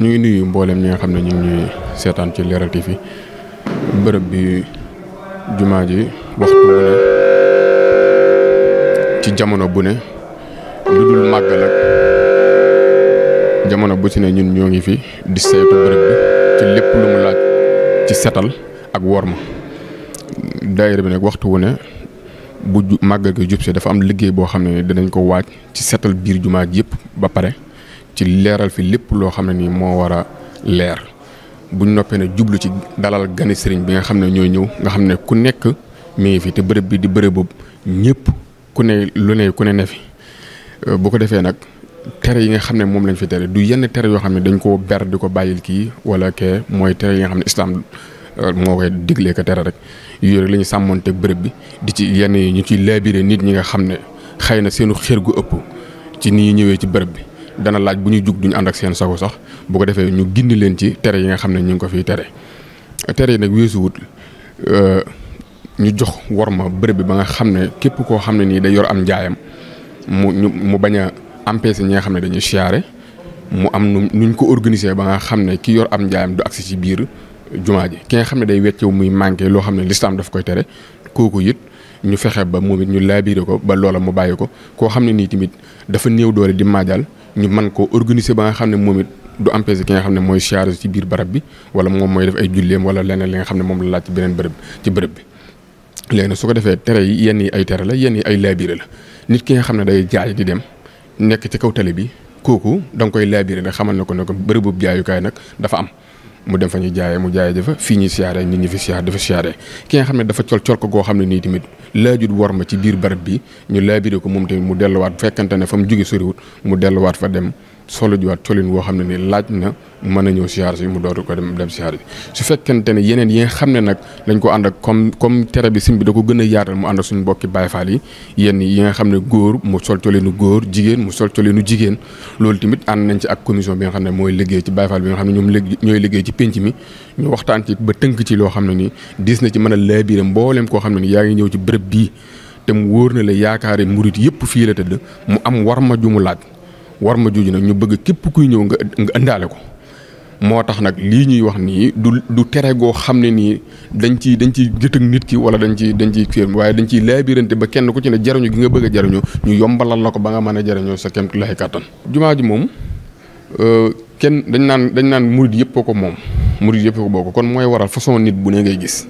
ñu ngi nuyu mboolem ñi nga xam ne ñu ngi seetaan ci Leral fi bërëb bi jumaa ji waxtu bu ne ci jamono bu ne lu dul màggal ak jamono bu ci ne ñun ñoo ngi fi di saytu bërëb bi ci lépp lu mu laaj ci setal ak worma daayira bi nag waxtu wu ne bu màggal gi jub si dafa am liggéey boo xam ne dinañ ko waaj ci seetal biir jumaa ji yëpp ba pare ci leeral fi lépp loo xam ne nii moo war a leer buñ noppee ne jublu ci dalal gani sëriñ bi nga xam ne ñooy ñëw nga xam ne ku nekk mi ngi fi te bërëb bi di bërëb boobu ñëpp ku ne lu ne ku ne ne fi euh, bu ko defee nag tere yi nga xam ne moom lañ fi tere du yenn tere yoo xam ne dañ koo ber di ko bàyyil kii wala kee mooy tere yi nga xam ne islaam moo koy diglee ko tere rek yooyu rek la ñu bërëb bi di ci yenn yi ñu ciy laabiré nit ñi nga xam ne xëy na seenu xër gu ëpp ci ni ñëwee ci bërëb bi dana laaj bu ñuy jug duñu ànd ak seen sago sax bu ko defee ñu gindi leen ci tere yi nga xam ne ñu ngi ko fiy tere tere yi nag weesuwut euh, ñu jox worma bërëb bi ba nga xam ne képp koo xam ne nii day yor am njaayam mu ñu mu bañ a empêcher ñi nga xam ne dañuy siyaare mu am nu nuñ ko organiser ba nga xam ne ki yor am njaayam du agsi ci biir jumaa ji ki nga xam ne day weccew muy manqué loo xam ne lislaam daf koy tere kooku it ñu fexe ba moom it ñu laabiire ko ba loola mu bàyyi ko koo xam ne nii tamit dafa néew doole di maajal ñu mën ko organiser ba nga xam ne moom it du empêcher ki nga xam ne mooy charge ci biir barab bi wala moom mooy def ay julleem wala leneen li xam ne moom la laaj ci beneen bërëb ci bërëb bi léegi su ko defee tere yi yenn yi ay tere la yenn yi ay laabire la nit ki nga xam ne day jaay di dem nekk ci kaw tali bi kooku da nga koy laabire nag xamal ne ko ne ko bërëbub jaayukaay nag dafa am mu dem fa ñu jaaye mu jaayee dafa fii ñuy siyaaree nit ñi fi siyaar dafa siyaaree ki nga xam ne dafa col col ko goo xam ne nii tamit laajut war ma ci biir barab bi ñu laabire ko moom tamit mu delluwaat fekkante ne fa mu jóge soriwut mu delluwaat fa dem solo jiwaat colin woo xam ne ni laaj na mën a ñëw siyaar si mu dootu ko dem dem siyaar bi su fekkente ne yeneen yi nga xam ne nag dañ ko ànd ak comme comme tere bi sim bi da ko gën a yaatal mu ànd ak suñu mbokki Baay yi yenn yi nga xam ne góor mu sol colinu góor jigéen mu sol colinu jigéen loolu tamit ànd nañ ci ak commission bi nga xam ne mooy liggéey ci Baay bi nga xam ne ñoom léegi ñooy liggéey ci pénc mi ñu waxtaan ci ba tënk ci loo xam ne ni diis na ci mën a laabiire mbooleem koo xam ne ni yaa ngi ñëw ci bërëb bii te mu wóor na la yaakaari murit yëpp fii la tëdd mu am war ma ju mu laaj war ma juuju nag ñu bëgg képp kuy ñëw nga nga indaale ko moo tax nag lii ñuy wax nii du du tere goo xam ne nii dañ ciy dañ ciy gëtëg nit ki wala dañ ciy dañ ciy fiir waaye dañ ciy laabirante ba kenn ku ci ne jariñu ki nga bëgg jariñu ñu yombalal la ko ba nga mën a jariñoo sa kem lay kàttan jumaa ji moom euh, kenn dañ naan dañ naan murid yëpp ko moom murid yëpp ko bokk kon mooy waral façon nit bu ne ngay gis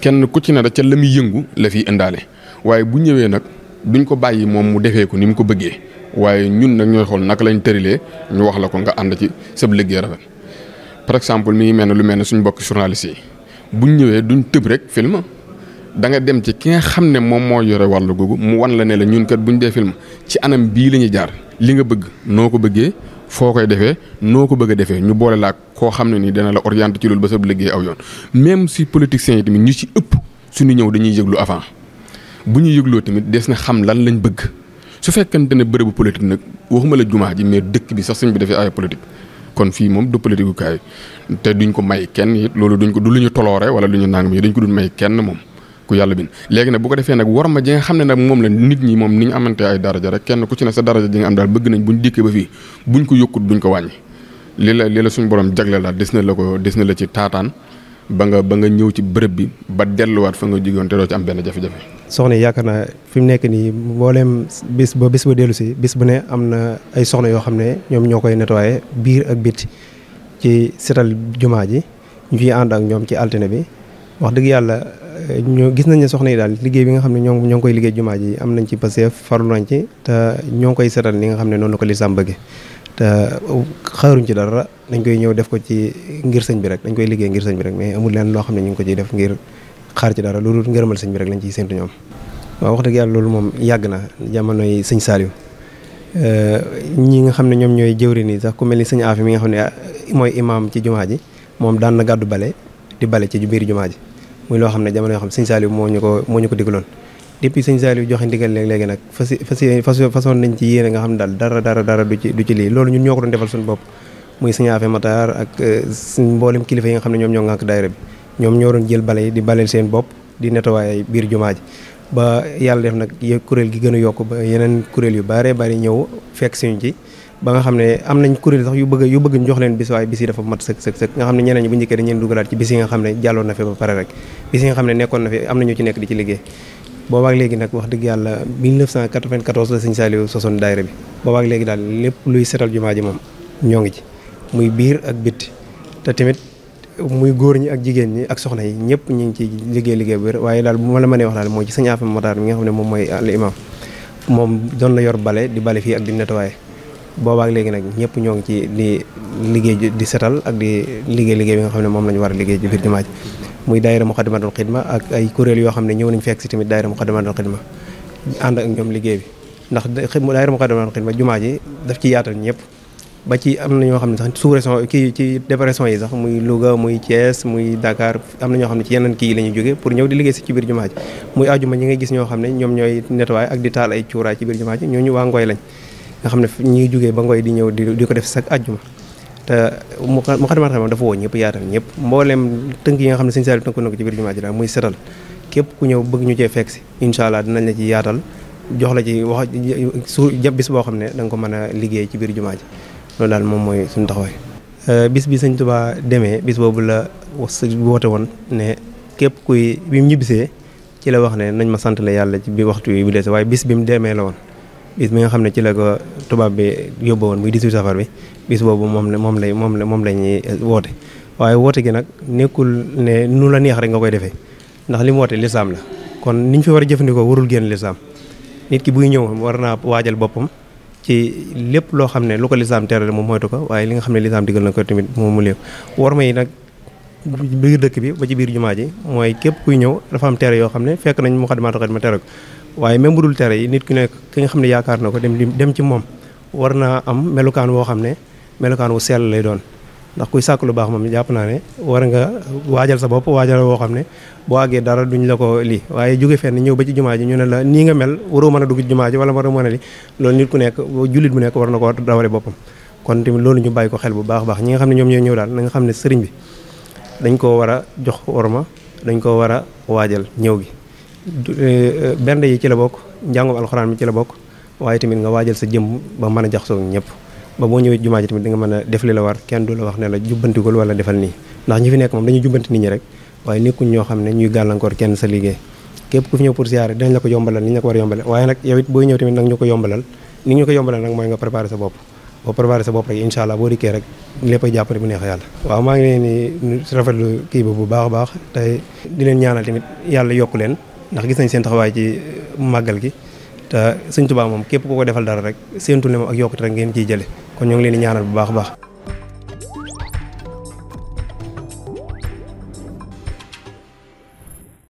kenn ku ci ne da ca la muy yëngu la fi indaale waaye bu ñëwee nag. duñ ko bàyyi moom mu defee ko ni mu ko bëggee waaye ñun nag ñooy xool naka lañ tërilee ñu wax la ko nga ànd ci sab liggéey rafet par exemple mi ngi mel ne lu mel ne suñ bokk journaliste yi buñ ñëwee duñ tëb rek film da nga dem ci ki nga xam ne moom moo yore wàll googu mu wan la ne la ñun kat buñ dee film ci anam bii la ñuy jaar li nga bëgg noo ko bëggee foo koy defee noo ko bëgg a defee ñu boole laa koo xam ne nii dana la orienté ci loolu ba sab liggéey aw yoon même si politiciens yi tamit ñu ci ëpp suñu ñëw dañuy yëglu avant bu ñu yëgloo tamit des na xam lan lañ bëgg su fekkente ne bërëbu politique nag waxuma la jumaa ji mais dëkk bi sax sëñ bi dafay ay politique. kon fii moom du politique kaay te duñ ko may kenn it loolu duñ ko du lu ñu toloore wala lu ñu nangam yi dañ ko dul may kenn moom ku yàlla bin léegi nag bu ko defee nag war ma ji nga xam ne nag moom la nit ñi moom ni ñu amante ay daraja rek kenn ku ci ne sa daraja ji nga am daal bëgg nañ buñ dikkee ba fii buñ ko yokkut duñ ko wàññi li la li la suñ borom jagle des na la ko des na la ci taataan ba nga ba nga ñëw ci bërëb bi ba delluwaat fa nga jigoon te doo ci am benn jafe soxna yi yaakaar naa fi mu nekk nii mbooleem bis ba bis ba dellu si bis bu ne am na ay soxna yoo xam ne ñoom ñoo koy nettoyé biir ak biti ci setal jumaa ji ñu ciy ànd ak ñoom ci altine bi wax dëgg yàlla ñoo gis nañ ne soxna yi daal liggéey bi nga xam ne ñoom ñoo ngi koy liggéey jumaa ji am nañ ci paseef farlu nañ ci te ñoo ngi koy setal ni nga xam ne noonu la ko li lislaam bëgge te xaaruñ ci dara dañ koy ñëw def ko ci ngir sëñ bi rek dañ koy liggéey ngir sëñ bi rek mais amul leen loo xam ne ñu ngi ko ciy def ngir xaar ci dara loolu ngërëmal sëñ bi rek lañ ciy séntu ñoom. waaw wax dëgg yàlla loolu moom yàgg na jamonoy sëñ Saliou euh, ñi nga xam ne ñoom ñooy jëwri nii sax ku mel ni sëñ mi nga xam ne ah, mooy imaam ci jumaa ji moom daan na gàddu bale di bale ci biir jumaa ji muy loo xam ne jamono yoo xam sëñ Saliou moo ñu ko moo ñu ko digaloon depuis sëñ Saliou joxe ndigal léegi nag fas fas façon nañ ci yéene nga xam ne daal dara dara dara du ci du ñun ñoo ko doon defal suñu bopp muy sëñ Afi Matar ak euh, mboolem kilifa yi nga xam ne ñoom ñoo ngànk daayira bi ñoom ñoo doon jël bale yi di baleel seen bopp di nettoyer biir jumaa ji ba yàlla def nag kuréel gi gën a yokk ba yeneen kuréel yu bare bari ñëw fekk suñu ci ba nga xam ne am nañ kuréel sax yu bëgg yu bëgg ñu jox leen bis waaye bis yi dafa mat sëkk sëkk nga xam ne ñeneen ñi bu njëkkee dañu leen ci bis yi nga xam ne jàlloon na fi ba pare rek bis yi nga xam ne nekkoon na fi am na ñu ci nekk di ci liggéey boobaak léegi nag wax dëgg yàlla 1994 la sëñ Saliou sosoon daayira bi boobaak léegi daal lépp luy setal jumaa muy góor ñi ak jigéen ñi ak soxna yi ñëpp ñu ngi ci liggéey liggéey bu wér waaye daal bu ma la mënee wax daal mooy ci sëñ Afia Matar mi nga xam ne moom mooy al imam moom doon la yor bale di bale fii ak di nettoyer boobaak nag ñëpp ñoo ngi ci di liggéey di setal ak di liggéey liggéey bi nga xam ne moom la war a liggéey ci biir jumaa ji muy daayira Muxaddamatul Xidma ak ay kuréel yoo xam ne ñëw nañ fekk si tamit daayira Muxaddamatul Xidma ànd ak ñoom liggéey bi ndax daayira Muxaddamatul Xidma jumaa ji daf ci yaatal ñëpp ba ci am na ñoo xam ne sax sous kii ci dépression yi sax muy Louga muy Thiès muy Dakar am na ñoo xam ne ci yenn kii yi la ñuy jógee pour ñëw di liggéey si ci biir jumaa ji muy ajuma ñi gis ñoo xam ne ñoom ñooy nettoyer ak di taal ay cuuraay ci biir jumaa ji ñooñu waa Ngoy lañ xam ne ñi ngi jógee ba Ngoy di ñëw di ko def sax ajuma te mu xadamaat xam dafa woo ñëpp yaatal ñëpp mbooleem tënk yi nga xam ne sëñ Saliou ko ci biir jumaa ji daal muy setal képp ku ñëw bëgg ñu cee fekk si incha allah dinañ la ci yaatal jox la ci wax su bis boo xam ne danga ko mën a liggéey ci biir jumaa ji loolu daal moom mooy suñu taxawaay. Euh, bis bi sëñ tubaa demee bis boobu la wax woote woon ne képp kuy bi mu ñibbisee ci la wax ne nañ ma sant la yàlla ci bi waxtu bi bu dese waaye bis bi mu demee la woon. bis bi nga xam ne ci la tubaab bi yóbbu woon muy 18 safar bi bis boobu moom la moom lay moom la moom la ñuy woote waaye woote gi nag nekkul ne nu la neex rek nga koy defee ndax li mu woote lislaam la kon ñu fi war a jëfandikoo warul génn lislaam nit ki buy ñëw war naa waajal boppam. ci lépp loo xam ne lu ko lislaam tere moom moytu ko waaye li nga xam ne lislaam digal na ko tamit moom mu léew war ma nag biir dëkk bi ba ci biir jumaa ji mooy képp kuy ñëw dafa am tere yoo xam ne fekk nañ Moukhaddamatoul Khidma tere ko waaye même bu yi nit ki nekk ki nga xam ne yaakaar na ko dem dem ci moom war naa am melukaan woo xam ne melukaan wu sell lay doon ndax kuy sàkk lu baax moom jàpp naa ne war nga waajal sa bopp waajal woo xam ne boo àggee dara duñ la ko lii waaye jóge fenn ñëw ba ci jumaa ji ñu ne la nii nga mel waroo mën a dugg ci jumaa ji wala waroo mën a loolu ku nekk jullit bu nekk war na ko dawale boppam kon tamit ñu bàyyi ko xel bu baax baax ñi nga xam ne ñoom ñooy ñëw daal na nga xam ne sëriñ bi dañ koo war a jox ma dañ koo war a waajal ñëw gi eh, benn yi ci la bokk njàngum alxuraan mi ci la bokk waaye tamit nga waajal sa jëm ba mën a jax jaxasoo ñëpp ba boo ñëwee jumaa ji tamit di nga mën a def li la war kenn du la wax ne la jubbantigul wala defal nii ndax ñi fi nekk moom dañuy jubbanti nit ñi rek waaye nekkuñ kenn sa liggéey képp ku fi ñëw pour siyaare dinañ la ko yombalal ni ñu la ko a yombalal waaye nag yow it booy ñëw tamit nag ñu ko yombalal ni ñu ko yombalal nag mooy nga préparer sa bopp boo préparé sa bopp rek incha allah boo dikkee rek léppay jàppale bu neex yàlla waaw maa ngi leen di rafetlu kii ba bu baax a baax te di leen ñaanal tamit yàlla yokk leen ndax gis nañ seen taxawaay ci màggal gi te Sëñ Tuubaa moom képp ku ko defal dara rek seentul ne moom yokkute ngeen ciy jële kon ñu ngi leen di bu baax a baax.